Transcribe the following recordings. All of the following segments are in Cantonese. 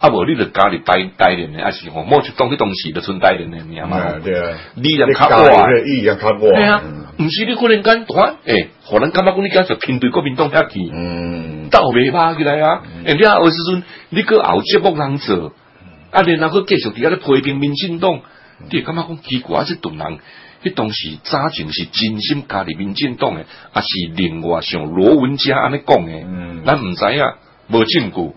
啊！無你著家己帶帶咧，還是我冇就當啲東西就存帶練嘅名嘛？你又靠啊，唔係你可能間斷，誒，可能咁樣講你而家就編隊國民黨遐去，鬥未怕起來啊！誒，你話時陣你去後節目通做，啊，然後繼續佇遐咧批評民進黨，啲咁樣講奇怪一即多人，迄當時早前是真心家己民進黨誒，也是另外像羅文嘉安尼講誒，咱毋知影無證據。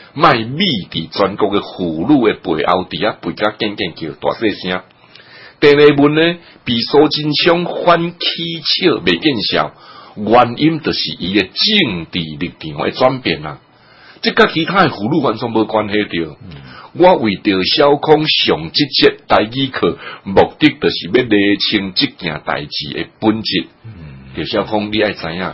賣米佇全國嘅婦女嘅背後堅堅，佇啊背甲見見叫大細聲。第二問呢，被蘇貞昌反譏笑未見笑，原因著是伊嘅政治立場會轉變啊。即甲其他嘅婦女觀眾無關係着，嗯、我為着趙小康上即節代議課，目的著是要厘清即件代志嘅本質。趙小康，你愛知影？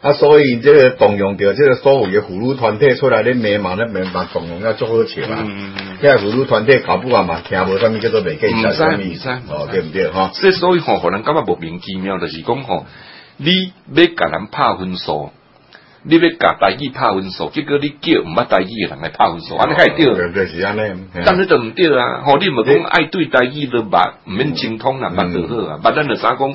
啊，所以這個動用着這個所謂的葫蘆團體出來咧，迷茫咧，迷茫動用要做好事嘛。嗯。這葫蘆團體搞不完嘛，聽無什麼叫做危機啊？什麼意思？哦，對不對？哈。所以所以，吼，可能感覺莫名其妙，就是講，吼，你要甲人拍分數，你要甲台語拍分數，結果你叫毋捌台語人來拍分數，啊，你開掉，個時間咧。但是就唔對啊！吼，你唔講愛對台語的吧？唔免精通啦，捌就好啊？不那個三公。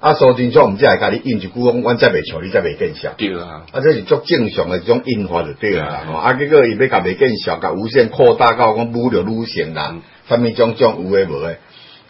啊，數電廠唔知係甲你應一句，宮，我再未錯，你再未見曉。對啦，啊，即、啊、是足正常嘅一種應法就對啦。對啊，啊，結果伊要甲未見曉，甲無限擴大到講侮辱女性啦，啥物種種有誒無誒。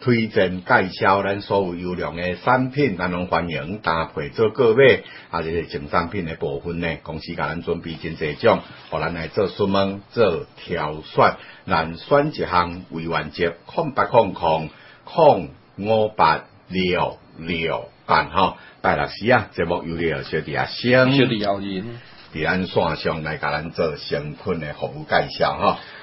推薦介紹咱所有優良嘅產品，咱攏歡迎搭配做購買。啊，就是新產品嘅部分呢，公司甲咱準備真儕種，互咱來做詢問、做挑選、難選一項為原則，空八空空空五八六六辦吼。白老師啊，節目有啲有小弟啊，先小弟後、啊、先，佇咱線上來甲咱做相關嘅服務介紹吼。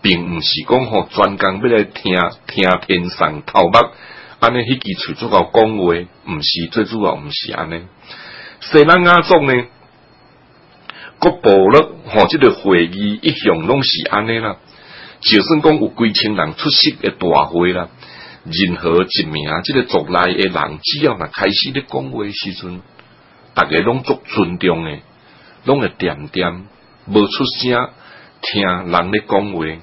並毋是講吼，專工要來聽聽天上頭目安尼迄支喙，主要講話，毋是最主要，毋是安尼。西南阿眾呢，各部落吼，即、這個會議一向攏是安尼啦。就算講有幾千人出席嘅大會啦，任何一名即、這個族內嘅人，只要若開始咧講話的時陣，逐個攏做尊重嘅，攏會點點，無出聲聽人咧講話。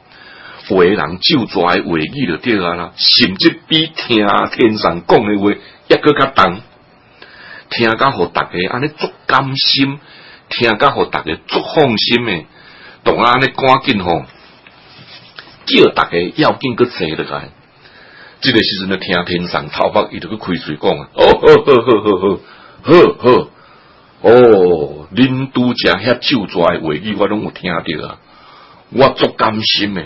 華人舊莊嘅話語就對啊啦，甚至比聽天上講嘅話抑擱較重。聽甲，互逐個安尼足甘心，聽甲，互逐個足放心嘅，欸，同安尼趕緊吼，叫逐個要緊擱坐落來。即、這個時陣著聽天上頭發伊著去開喙講，啊，哦。哦哦哦哦哦哦哦，哦，哦，恁拄才遐舊莊嘅話語，我攏有聽着啊。我足甘心誒。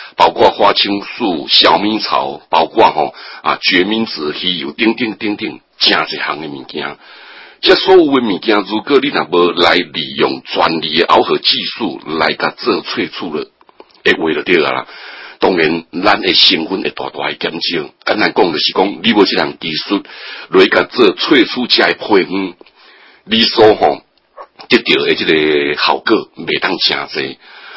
包括花青素、小米草，包括吼、哦、啊決明子，伊有等等，叮叮，真一項嘅物件。即所有嘅物件，如果你若無來利用專利嘅熬合技術來甲做萃取誒會為對啊啦。當然，咱嘅身份會大大減少。簡單講就是講，你無這項技術來甲做萃取，只係配方，你所吼得到嘅這個效果未當真儕。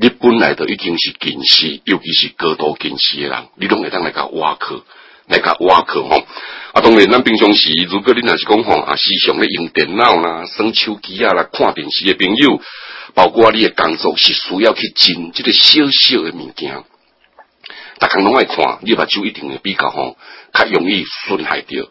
你本來就已經是近視，尤其是高度近視的人，你攏會當來個挖殼，來個挖殼吼。啊，當然咱平常時，如果你若是講吼，啊，時常咧用電腦啦、耍手機啊、啦看電視嘅朋友，包括你嘅工作是需要去斟即個小小嘅物件，逐項攏愛看，你目睭一定會比較吼，較容易損害着。